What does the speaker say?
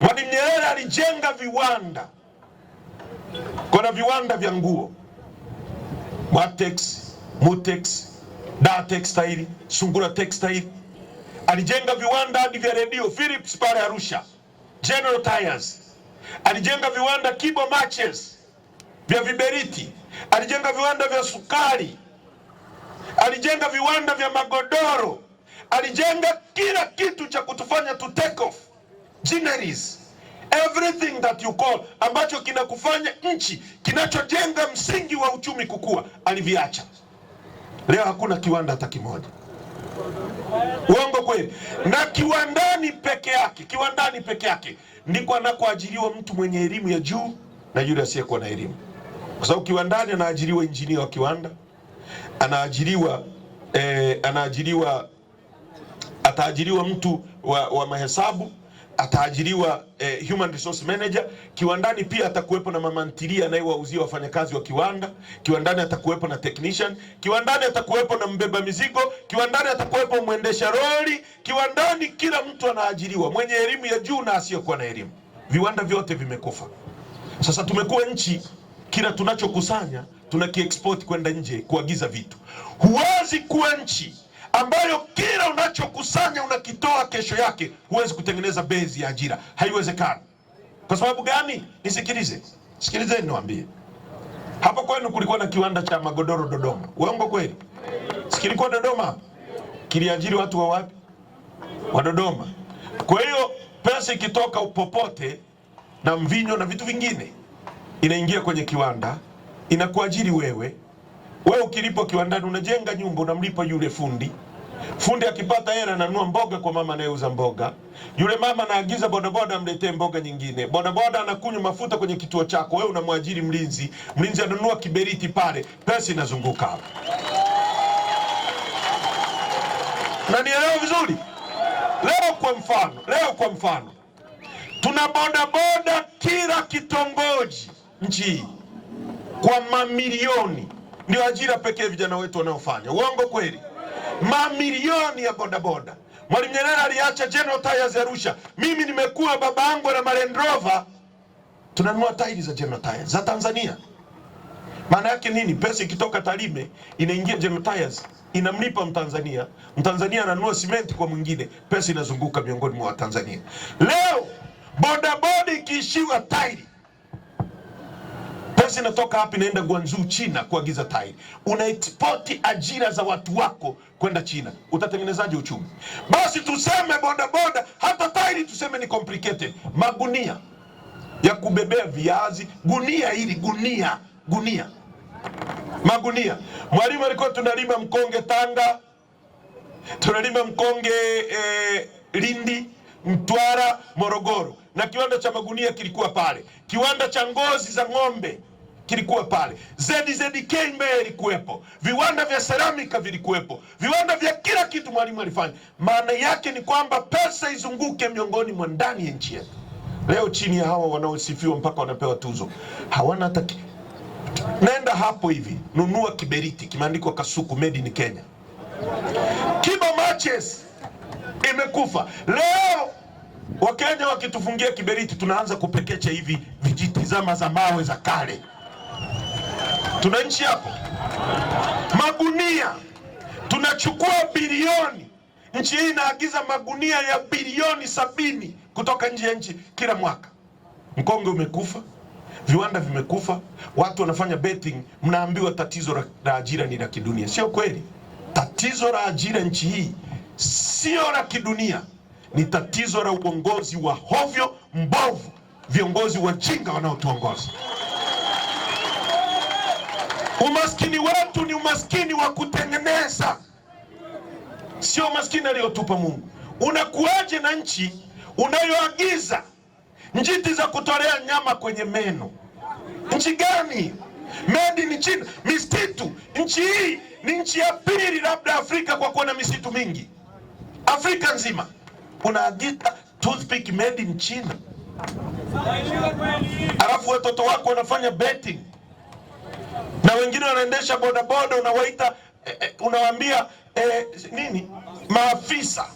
Mwalimu Nyerere alijenga viwanda, kuna viwanda vya nguo Matex, Mutex, Da Textile, Sungura Textile. Alijenga viwanda hadi vya redio Philips pale Arusha, General Tires. Alijenga viwanda Kibo Matches vya viberiti, alijenga viwanda vya sukari, alijenga viwanda vya magodoro, alijenga kila kitu cha kutufanya to take off jinaries everything that you call, ambacho kinakufanya nchi, kinachojenga msingi wa uchumi kukua, aliviacha. Leo hakuna kiwanda hata kimoja. Uongo kweli? Na kiwandani peke yake, kiwandani peke yake ndiko anakoajiriwa mtu mwenye elimu ya juu na yule asiyekuwa na elimu, kwa sababu kiwandani anaajiriwa injinia wa kiwanda, anaajiriwa eh, anaajiriwa ataajiriwa mtu wa, wa mahesabu ataajiriwa eh, human resource manager kiwandani. Pia atakuwepo na mama ntilie anayewauzia wafanyakazi wa kiwanda kiwandani, atakuwepo na technician kiwandani, atakuwepo na mbeba mizigo kiwandani, atakuwepo mwendesha roli kiwandani. Kila mtu anaajiriwa, mwenye elimu ya juu na asiyokuwa na elimu. Viwanda vyote vimekufa. Sasa tumekuwa nchi, kila tunachokusanya tunakiexport kwenda nje kuagiza vitu. Huwezi kuwa nchi ambayo kila unachokusanya unakitoa kesho yake, huwezi kutengeneza bezi ya ajira, haiwezekani. Kwa sababu gani? Nisikilize, sikilizeni niwaambie. Hapo kwenu kulikuwa na kiwanda cha magodoro Dodoma, uongo kweli? Sikilikuwa Dodoma, kiliajiri watu wa wapi? Wa Dodoma. Kwa hiyo pesa ikitoka popote na mvinyo na vitu vingine inaingia kwenye kiwanda inakuajiri wewe wewe ukilipwa kiwandani, unajenga nyumba, unamlipa yule fundi. Fundi akipata hela ananua mboga kwa mama anayeuza mboga. Yule mama anaagiza bodaboda amletee mboga nyingine. Bodaboda anakunywa mafuta kwenye kituo chako, wewe unamwajiri mlinzi. Mlinzi ananua kiberiti pale, pesa inazunguka hapo. Na nielewa vizuri. Leo kwa mfano, leo kwa mfano tuna bodaboda kila kitongoji nchi kwa mamilioni ndio ajira pekee vijana wetu wanaofanya. Uongo kweli? Mamilioni ya bodaboda. Mwalimu Nyerere aliacha General Tyres Arusha. Mimi nimekuwa baba yangu na Land Rover, tunanunua tairi za General Tyres za Tanzania. Maana yake nini? Pesa ikitoka Tarime inaingia General Tyres, inamlipa Mtanzania. Mtanzania ananunua simenti kwa mwingine, pesa inazunguka miongoni mwa Watanzania. Leo bodaboda ikiishiwa tairi kazi inatoka hapa inaenda Guangzhou China kuagiza tairi, unaexport ajira za watu wako kwenda China, utatengenezaje uchumi? Basi tuseme bodaboda, hata tairi tuseme ni complicated, magunia ya kubebea viazi, gunia hili gunia gunia magunia. Mwalimu alikuwa tunalima mkonge Tanga, tunalima mkonge eh, Lindi, Mtwara, Morogoro na kiwanda cha magunia kilikuwa pale, kiwanda cha ngozi za ng'ombe kilikuwa pale, ZZK Mbeya ilikuwepo, viwanda vya seramika vilikuwepo, viwanda vya kila kitu mwalimu alifanya. Maana yake ni kwamba pesa izunguke miongoni mwa ndani ya nchi yetu. Leo chini ya hawa wanaosifiwa mpaka wanapewa tuzo hawana hata. Nenda hapo hivi, nunua kiberiti kimeandikwa Kasuku made in Kenya. Kibo Matches imekufa leo. Wakenya wakitufungia kiberiti tunaanza kupekecha hivi vijiti zama za mawe za kale. Tuna nchi hapo, magunia tunachukua bilioni. Nchi hii inaagiza magunia ya bilioni sabini kutoka nje ya nchi kila mwaka. Mkonge umekufa, viwanda vimekufa, watu wanafanya betting. Mnaambiwa tatizo la ajira ni la kidunia. Sio kweli. Tatizo la ajira nchi hii sio la kidunia, ni tatizo la uongozi wa hovyo mbovu, viongozi wa wajinga wanaotuongoza. Umaskini wetu ni umaskini wa kutengeneza, sio umaskini aliyotupa Mungu. Unakuwaje na nchi unayoagiza njiti za kutolea nyama kwenye meno? Nchi gani? Made in China, misitu. Nchi hii ni nchi ya pili labda Afrika kwa kuwa na misitu mingi, Afrika nzima. Unaagiza toothpick made in China, alafu watoto wako wanafanya betting na wengine wanaendesha bodaboda unawaita eh, eh unawaambia eh, nini maafisa